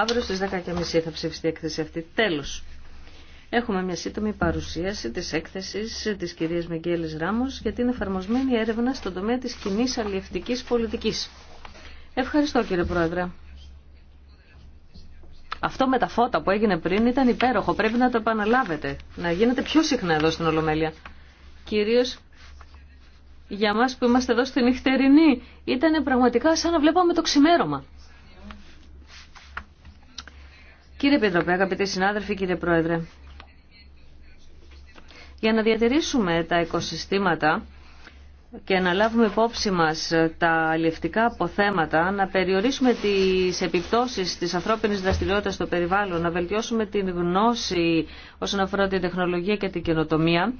Αύριο στις 10.30 θα ψηφιστεί η έκθεση αυτή. Τέλος. Έχουμε μια σύντομη παρουσίαση της έκθεσης της κυρίας Μεγγέλης Ράμος για την εφαρμοσμένη έρευνα στον τομέα της κοινή αλληλευτικής πολιτικής. Ευχαριστώ κύριε Πρόεδρε. Αυτό με τα φώτα που έγινε πριν ήταν υπέροχο. Πρέπει να το επαναλάβετε. Να γίνεται πιο συχνά εδώ στην Ολομέλεια. Κυρίως για μας που είμαστε εδώ στη νυχτερινή ήταν πραγματικά σαν να βλέπαμε το ξημέρωμα. Κύριε Πιτροπέ, αγαπητοί συνάδελφοι, κύριε Πρόεδρε, για να διατηρήσουμε τα οικοσυστήματα και να λάβουμε υπόψη μας τα αλληλευτικά αποθέματα, να περιορίσουμε τις επιπτώσεις της ανθρώπινης δραστηριότητας στο περιβάλλον, να βελτιώσουμε την γνώση όσον αφορά την τεχνολογία και την καινοτομία,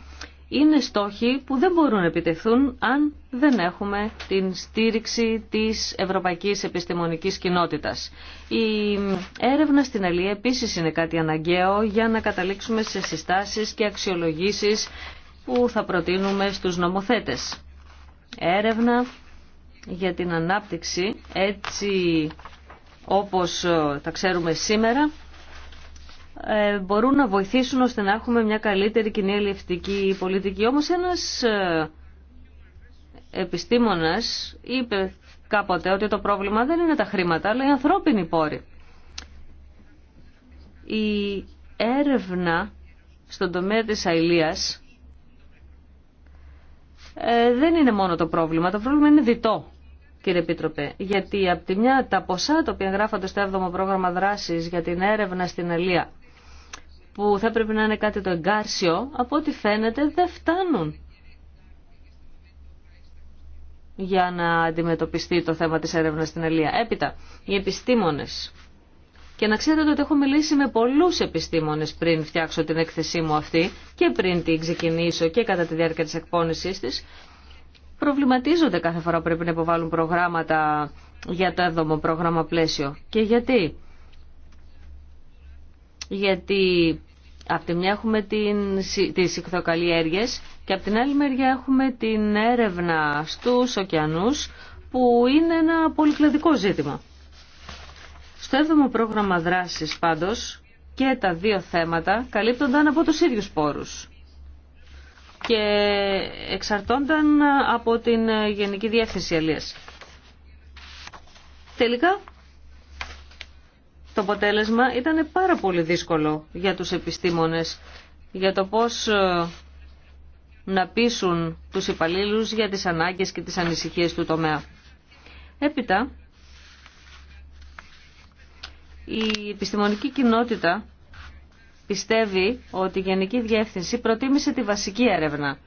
είναι στόχοι που δεν μπορούν να επιτεθούν αν δεν έχουμε την στήριξη της ευρωπαϊκής επιστημονικής κοινότητας. Η έρευνα στην Αλία επίσης είναι κάτι αναγκαίο για να καταλήξουμε σε συστάσεις και αξιολογήσεις που θα προτείνουμε στους νομοθέτες. Έρευνα για την ανάπτυξη έτσι όπως τα ξέρουμε σήμερα ε, μπορούν να βοηθήσουν ώστε να έχουμε μια καλύτερη κοινή ελευθερική πολιτική. Όμως ένας ε, επιστήμονας είπε κάποτε ότι το πρόβλημα δεν είναι τα χρήματα, αλλά οι ανθρώπινοι πόροι. Η έρευνα στον τομέα της αηλίας ε, δεν είναι μόνο το πρόβλημα. Το πρόβλημα είναι διτό, κύριε Επίτροπε. Γιατί από τη μια τα ποσά τα οποία γράφονται στο 7ο πρόγραμμα δράσης για την έρευνα στην αηλία που θα πρέπει να είναι κάτι το εγκάρσιο, από ό,τι φαίνεται δεν φτάνουν για να αντιμετωπιστεί το θέμα της έρευνας στην Ελία. Έπειτα, οι επιστήμονες. Και να ξέρετε ότι έχω μιλήσει με πολλούς επιστήμονες πριν φτιάξω την έκθεσή μου αυτή και πριν την ξεκινήσω και κατά τη διάρκεια της εκπόνησής της. Προβληματίζονται κάθε φορά που πρέπει να υποβάλουν προγράμματα για το εβδομο πρόγραμμα πλαίσιο. Και γιατί. Γιατί από τη μια έχουμε την, τις ηχθοκαλλιέργειες και από την άλλη μεριά έχουμε την έρευνα στους ωκεανούς που είναι ένα πολυκλαδικό ζήτημα. Στο έβδομο πρόγραμμα δράσης πάντως και τα δύο θέματα καλύπτονταν από τους ίδιους πόρους και εξαρτώνταν από την Γενική Διεύθυνση Αλίας. Τελικά το αποτέλεσμα ήταν πάρα πολύ δύσκολο για τους επιστήμονες για το πώς ε, να πείσουν τους υπαλλήλους για τις ανάγκες και τις ανησυχίες του τομέα. Έπειτα, η επιστημονική κοινότητα πιστεύει ότι η Γενική Διεύθυνση προτίμησε τη βασική έρευνα,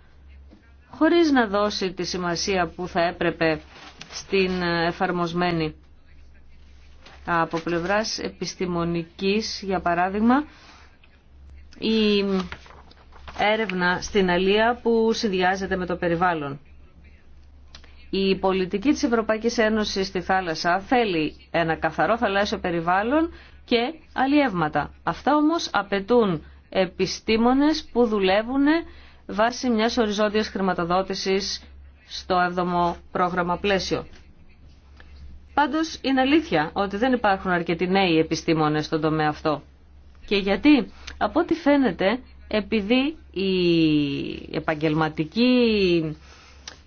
χωρίς να δώσει τη σημασία που θα έπρεπε στην εφαρμοσμένη. Από πλευράς επιστημονικής, για παράδειγμα, η έρευνα στην Αλία που συνδυάζεται με το περιβάλλον. Η πολιτική της Ευρωπαϊκής Ένωσης στη θάλασσα θέλει ένα καθαρό θαλάσσιο περιβάλλον και αλλιεύματα. Αυτά όμως απαιτούν επιστήμονες που δουλεύουν βάσει μιας οριζόντιας χρηματοδότησης στο 7ο πρόγραμμα πλαίσιο. Πάντως είναι αλήθεια ότι δεν υπάρχουν αρκετοί νέοι επιστήμονες στον τομέα αυτό. Και γιατί, από ό,τι φαίνεται, επειδή η επαγγελματική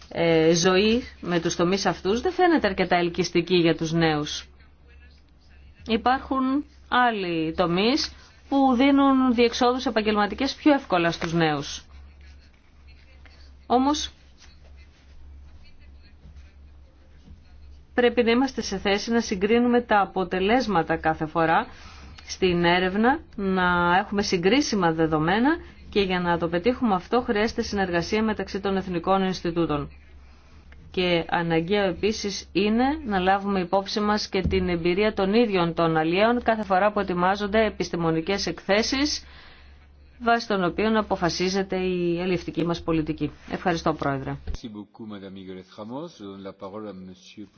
ε, ζωή με τους τομείς αυτούς δεν φαίνεται αρκετά ελκυστική για τους νέους. Υπάρχουν άλλοι τομείς που δίνουν διεξόδους επαγγελματικές πιο εύκολα στους νέους. Όμως πρέπει να είμαστε σε θέση να συγκρίνουμε τα αποτελέσματα κάθε φορά στην έρευνα, να έχουμε συγκρίσιμα δεδομένα και για να το πετύχουμε αυτό χρειάζεται συνεργασία μεταξύ των Εθνικών Ινστιτούτων. Και αναγκαίο επίσης είναι να λάβουμε υπόψη μας και την εμπειρία των ίδιων των αλλιέων κάθε φορά που ετοιμάζονται επιστημονικές εκθέσεις βάσει των οποίων αποφασίζεται η ελευθερική μας πολιτική. Ευχαριστώ, Πρόεδρε.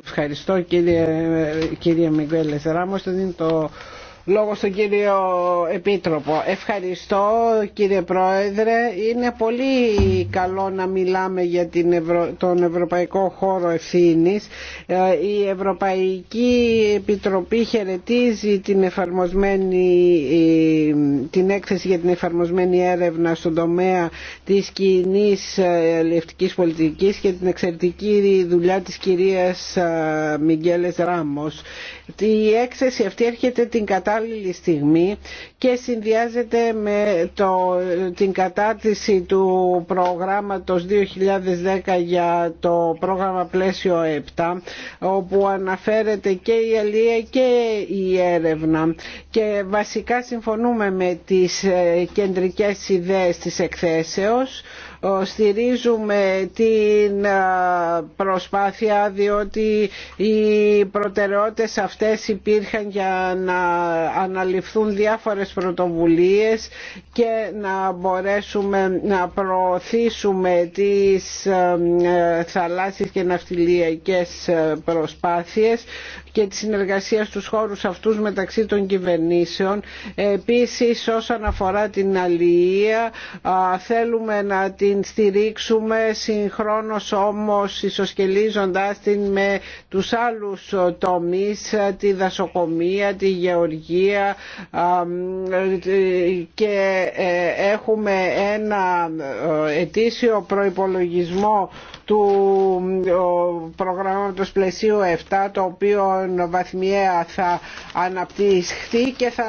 Ευχαριστώ, κύριε, κύριε Μιγκουέλες Ράμος. Το το Λόγω στον κύριο Επίτροπο. Ευχαριστώ κύριε Πρόεδρε. Είναι πολύ καλό να μιλάμε για την τον Ευρωπαϊκό Χώρο Ευθύνης. Ε, η Ευρωπαϊκή Επιτροπή χαιρετίζει την, εφαρμοσμένη... την έκθεση για την εφαρμοσμένη έρευνα στον τομέα της κοινή ε, ελευτικής πολιτικής και την εξαιρετική δουλειά της κυρίας ε, Μιγγέλες Ράμος. Η έκθεση αυτή έρχεται την κατάσταση κατάλληλη στιγμή και συνδυάζεται με το, την κατάρτιση του προγράμματος 2010 για το πρόγραμμα πλαίσιο 7 όπου αναφέρεται και η αλληλεία και η έρευνα και βασικά συμφωνούμε με τις ε, κεντρικές ιδέες της εκθέσεως ε, στηρίζουμε την ε, προσπάθεια διότι οι προτεραιότητες αυτές υπήρχαν για να αναλυφθούν διάφορες πρωτοβουλίες και να μπορέσουμε να προωθήσουμε τις ε, θαλάσσιες και ναυτιλιακές προσπάθειες και τη συνεργασία στους χώρους αυτούς μεταξύ των κυβερνήσεων. Επίσης όσον αφορά την αλληλεία θέλουμε να την στηρίξουμε συγχρόνως όμως ισοσκελίζοντάς την με τους άλλους τομείς, τη δασοκομεία, τη γεωργία και ε, έχουμε ένα ε, ετήσιο προϋπολογισμό του προγράμματος πλαισίου 7 το οποίο βαθμιαία θα αναπτυχθεί και θα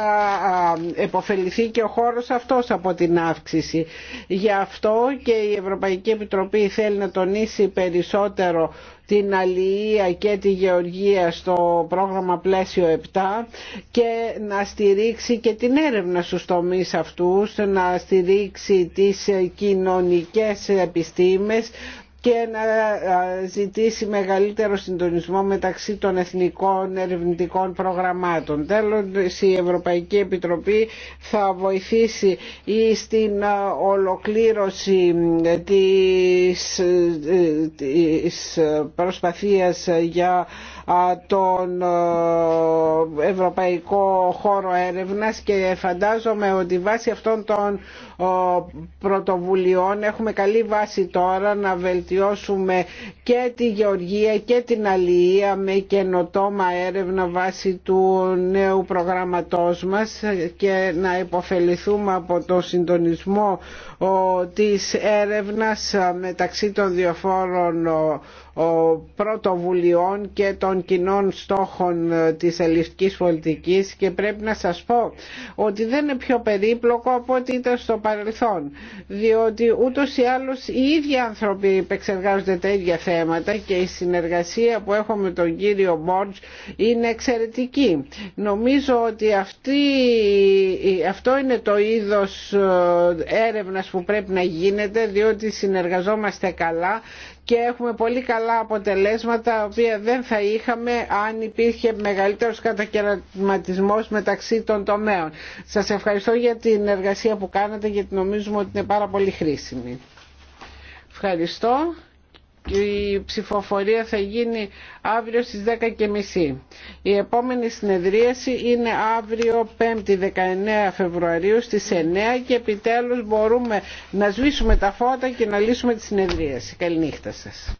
επωφεληθεί και ο χώρος αυτός από την αύξηση. Γι' αυτό και η Ευρωπαϊκή Επιτροπή θέλει να τονίσει περισσότερο την αλληλεία και τη γεωργία στο πρόγραμμα πλαίσιο 7 και να στηρίξει και την έρευνα στους τομείς αυτούς, να στηρίξει τις κοινωνικές επιστήμες, και να ε, ζητήσει μεγαλύτερο συντονισμό μεταξύ των εθνικών ερευνητικών προγραμμάτων. Τέλος, η Ευρωπαϊκή Επιτροπή θα βοηθήσει στην ε, ολοκλήρωση ε, της, της προσπαθίας για τον Ευρωπαϊκό Χώρο Έρευνας και φαντάζομαι ότι βάσει αυτών των πρωτοβουλειών έχουμε καλή βάση τώρα να βελτιώσουμε βελτιώσουμε και τη γεωργία και την αλληλεία με καινοτόμα έρευνα βάσει του νέου προγράμματός μας και να υποφεληθούμε από το συντονισμό της έρευνας μεταξύ των διαφόρων πρωτοβουλειών και των κοινών στόχων ε, της ελληνικής πολιτικής και πρέπει να σας πω ότι δεν είναι πιο περίπλοκο από ό,τι ήταν στο παρελθόν διότι ούτως ή άλλως οι ίδιοι άνθρωποι επεξεργάζονται τα ίδια θέματα και η συνεργασία που έχω με τον κύριο Μπόρτζ είναι εξαιρετική. Νομίζω ότι αυτή, αυτό είναι το είδος ε, έρευνας που πρέπει να γίνεται διότι συνεργαζόμαστε καλά και έχουμε πολύ καλά αποτελέσματα τα οποία δεν θα είχαμε αν υπήρχε μεγαλύτερος κατακαιρματισμός μεταξύ των τομέων. Σας ευχαριστώ για την εργασία που κάνατε γιατί νομίζουμε ότι είναι πάρα πολύ χρήσιμη. Ευχαριστώ η ψηφοφορία θα γίνει αύριο στις 10.30. Η επόμενη συνεδρίαση είναι αύριο 5η 19 Φεβρουαρίου στις 9 και επιτέλους μπορούμε να σβήσουμε τα φώτα και να λύσουμε τη συνεδρίαση. Καληνύχτα σας.